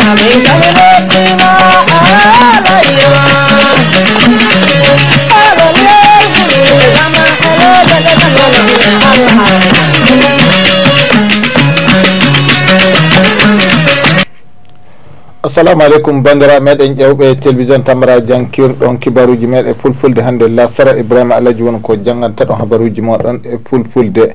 Amém, amém. assalamu aleykum bandiraɓe meɗen ƴewɓe télévision tamara jankirɗon kibaruji meɗen fulfulde hannde lasara ibrahima alaji won ko jangganta ɗon habaruji moɗon e fulfulde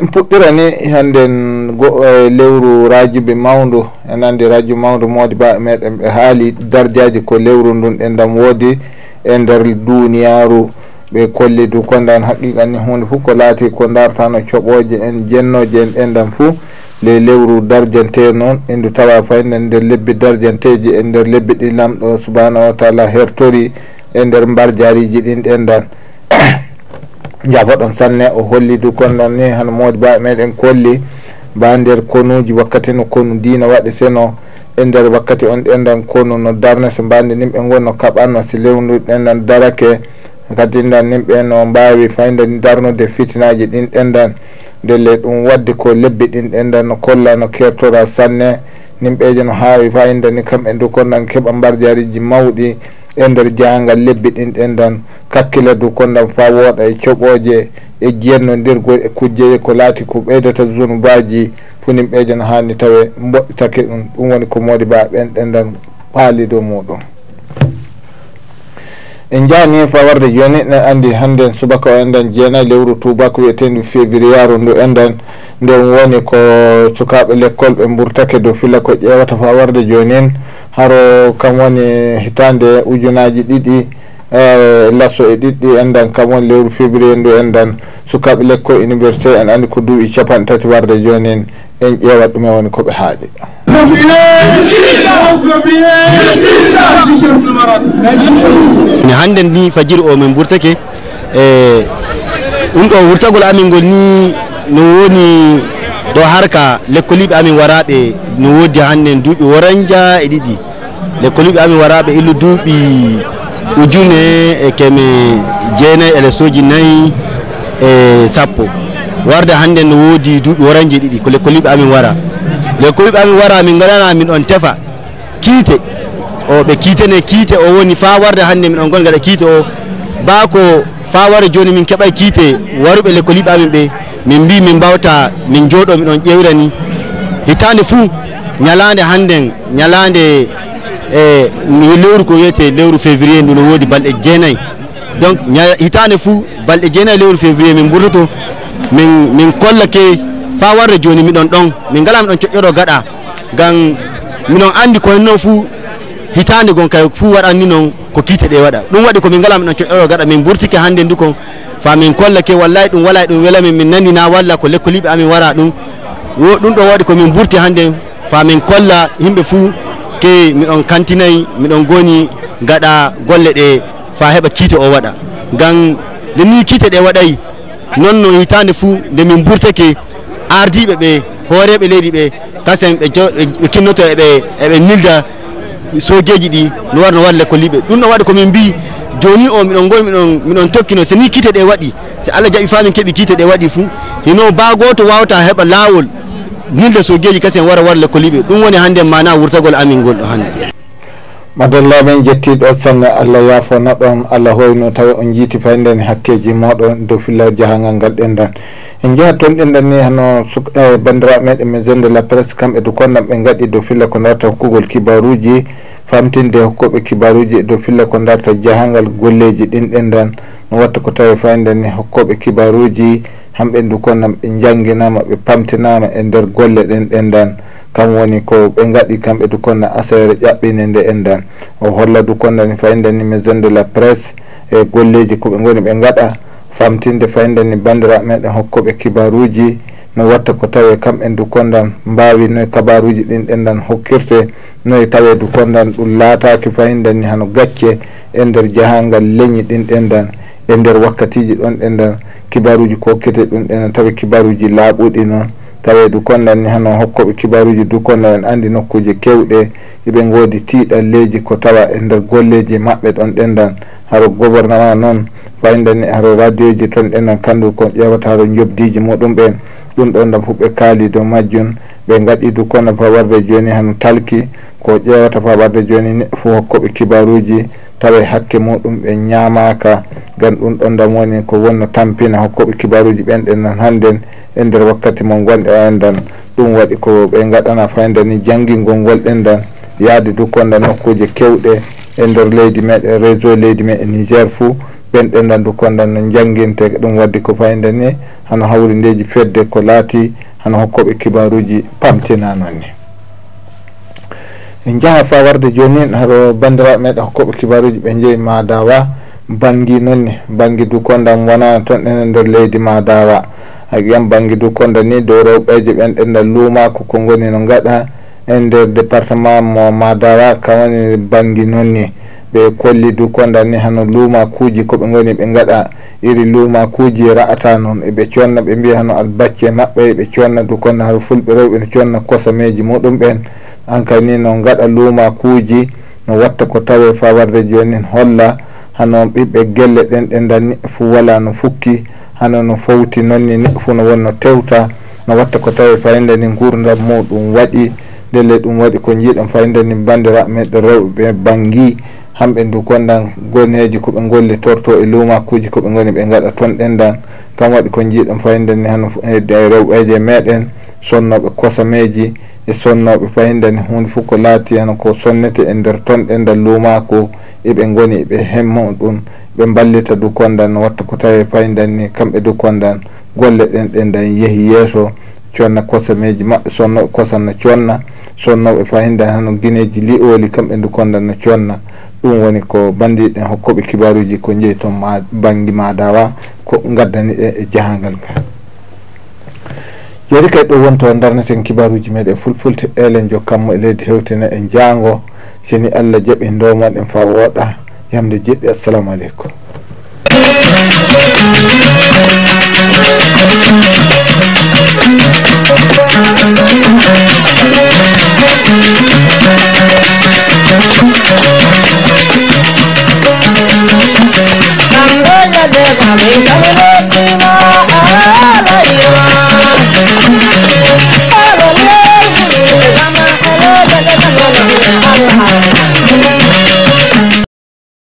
en puɗɗirani hannden goe lewru rajuɓe mawndu en anndi radio mawndu moodi baɓe meɗen ɓe haali dardiaji ko lewru ndun e ndam woodi e nder duniyaru ɓe kolli du kondan haqiqa ni hunde fof ko laati ko dartano coɓoje en jennoje en ɓendan fuu le lewru dardianté noon endu tawa fayna nder lebbi dardianteji e nder lebbi ɗi lamɗo subahanahu wa taala hertori e nder mbar jariji ɗin ɗenɗan jafa ɗon sanne o holli du kon noon ni hano modi ba meɗen kolli ba nder konuji wakkati no konu dina waɗi feno e nder wakkati on ɗenɗan konu no darnete mbande nimɓe gonno kaɓanno si lewndu ɗenɗan darake kadi ɗinɗan nimɓe no mbawi fayde darnude fitinaji ɗin ɗenɗan delle ɗum waddi ko lebbi ɗin ɗenɗan no kolla no kertora sanne nimɓeje no hawi fayida ni kamɓe du konɗan keeɓa mbardiyariji mawɗi e nder jeyangal lebbi ɗin ɗenɗan kakkila du konɗan fa wooɗa e coɓoje e jiyennondirgo e kujjeje ko laati ko ɓeydata zone baji funimɓeje no hanni tawe mboɗɗitake ɗum ɗum woni ko modi ba ɓen ɗenɗan paali dow muɗum en jani fawarde joni neɗɗo andi hande subaka o enɗan jeenayi lewru tubako wiyetendi février ndu enɗan nden woni ko sukaɓe l'école ɓe mburtake dow filla ko ƴewata fawarde jonin haro kam woni hitande ujunaji ɗiɗi e lasso e ɗiɗɗi enɗan kam woni lewru février ndu enɗan sukaɓe l'école université en andi ko duuɓi capan tati warde jonin en ƴewat ɗume woni koɓe haaɗi mi hannden ni fajiri o min ɓurtake e ɗum ɗo wurtagol amin ngol ni no woni ɗo harka lekkoliɓe amin waraɓe no woodi hannden duuɓi woranja e ɗiɗi lekkoliɓe amin waraɓe illu duuɓi ujune e keme jeenayi ele sooji nayyi e sappo warde hannden no woodi duuɓi woranje ɗiɗi ko lekkoliɓe amin wara le koyɓe amin wara min ganana min on tefa kiite o ɓe kiitene kiite o woni fa warde hannde min on gon gaɗa kiite o ba ko fa warde joni min keɓa kiite waruɓe le koliɓe amin ɓe min mbi min bawta min jooɗo miɗon ƴewira ni hitande fu ñalande hannden ñalande e lewru ko wiyete lewru fevrier ndu no woodi balɗe jenay donc hitande fuu balɗe jenay lewru février min ɓurdoto min min kolla fa warre joni miɗon ɗon min ngala miɗon coƴƴoɗo gaɗa ngam minon andi ko noon fuu hitande gon kay fuu waɗanni noon ko kiite ɗe waɗa ɗum waɗi min ngala miɗon coƴƴoɗo gaɗa min burtike hannde ndu kon fa min kolla ke wallayi ɗum wala ɗum wela min min nani na walla ko lekkoliɓe amin wara ɗum ɗum ɗo waɗi min burti hannde fa min kolla yimɓe fuu ke miɗon kantinayi miɗon goni gaɗa golle ɗe fa heɓa kiite o waɗa ngam nde ni kiite ɗe waɗayi non no hitande fuu nde min burtake ardiɓe ɓe hooreɓe leydi ɓe kasen ɓe kinnoto eɓe eɓe nilda sogeji ɗi no warno walle kolliɓe ɗum ɗon waɗi komin mbi joni o miɗon gol miɗon miɗon tokkino so ni kiite ɗe waɗi so allah jaɓi faamin keeɓi kiite ɗe waɗi fou hino bagoto wawata heeɓa laawol nilda sogeji kasen wara walle kolliɓe ɗum woni hannde mana wurtagol amin gol ɗo hannde madallamin jettiɗo sanga allah yaafo naɗon allah hoyno tawi on jiiti fayndeni hakkeji moɗon dow filla jahangal ngal ɗenɗan en jeeha toon ɗenɗan ni hano e bandira meɗen mi e zone de la presse kamɓe do konnam ɓe gaɗi dow filla ko darta hokkugol kibaruji famtinde hokkuɓe kibaruji e dow filla ko darta jahangal golleji ɗin ɗenɗan no watta ko tawi fayndeni hokkuɓe kibaruji hamɓe du konnam ɓe janginama ɓe pamtinama e nder golle ɗen ɗenɗan kam woni ko ɓe gaɗi kamɓe dukonna assaire ƴaɓɓine nde endan o holla dukonnani fayidani maison de la presse e golleji ko ɓe goni ɓe gaɗa famtinde fayidani bandiraɓe meɗen hokkoɓe kibaruji no watta ko tawe kamɓe dukondan mbawi noye kabaruji ɗin ɗendan hokkirte noye tawe dukondan ɗum laataki fayidani hano gacce e nder jahangal leñi ɗin ɗendan e nder wakkatiji ɗon ɗendan kibaruji ko hokkirte ɗum ɗendan tawi kibaruji laaɓuɗi noon taweedu konnan ni hano hokkoɓe kibaruji dukonna en andi nokkuji kewɗe eɓe goodi tiiɗalleji ko tawa e nder golleji maɓɓe ɗon ɗendan haro gouvernement noon bayndani haro radio ji ton ɗendan kandu kon ƴewata haro jobdiji muɗum ɓen ɗum ɗon ɗam fuɓɓe kaali dow majjum ɓe gaɗi dukonna fa warde joni hano talki ko ƴewata fa warde joni fo hokkoɓe kibaruji tawa hakke muɗum ɓe ñamaka gan ɗum ɗon damoni ko wonno tampina hokkoɓe kibaruji ɓenɗen noon hannden e nder wakkati mo gonɗe oenɗan ɗum waɗi ko ɓe gaɗana fayda e ni jangingol ngolɗen ɗan yaade dukkonda nokkuji kewɗe e nder leydi meɗen réseau leydi meɗen nigér fou ɓenɗen ɗan dukkonɗan no janginte ɗum waddi ko fayda e ni hano hawri ndeji fedde ko laati hano hokkoɓe kibaruji pamtinanon ni en jaaha fa warde joni haro bandiraɓe meɗen hokkoɓe kibaruji ɓe jeeyi ma dawa bangi nonni bangi du konda wonana ton ene nder leydi ma dara aƴam bangi du konda ni dow rewɓeje ɓen ɗenda luuma ko ko goni no gaɗa e nder département mo madara kawani bangi nonni ɓe kolli du konda ni hano luuma kuji koɓe goni ɓe gaɗa iri luuma kuji ra'ata noon eɓe conna ɓe mbiya hano albacce maɓɓe e ɓe conna du konda haɗo fulɓe rewɓe no conna kosameji muɗum ɓen ankani no gaɗa luuma kuji no watta ko tawe fawarde joni holla hano ɓiɓɓe gelle ɗen ɗe danni fu wala no fukki hano no fowti nonni ne fu no wonno tewta no watta ko tawi farinde ndi gurdam muɗum waɗi ndelle ɗum waɗi ko jiiɗon farinde ndi bandiraɓe meɗo rewɓe ɓe bangi hamɓe ndu gondan goneji koɓe golli torto e lumakuji koɓe goni ɓe gaɗa toon ɗendan kam waɗi ko jiiɗon farinde ndi hano heddi ay rewɓeje meɗen sonnoɓe kosameji e sonnoɓe fayidani hunde fof ko laati hen ko sonnete e nder tonɗe ndal lumako eɓe goni ɓe hemmo ɗum ɓe ballita du kondan watta ko tawi fayidanni kamɓe du kondan golle ɗen ɗe dañ yeehi yeeso conna kosameji mabɓe sonnoɓe kosanno conna sonnoɓe fayidan hano guineji li'oli kamɓe du kondan no conna ɗum woni ko bandiɗen hokkoɓe kibaruji ko jeeyi ton ma banggue ma dawa ko gaddani ɗe e, e jahangal ka joni kay ɗo wonto darnaten kibaruji meɗen fulfulde eɗen jokkanmo e leydi hewtina en jaango seni allah jaɓi e ndoman en fa woɗa yamde jeɗɗi assalamu aleykum Thank you.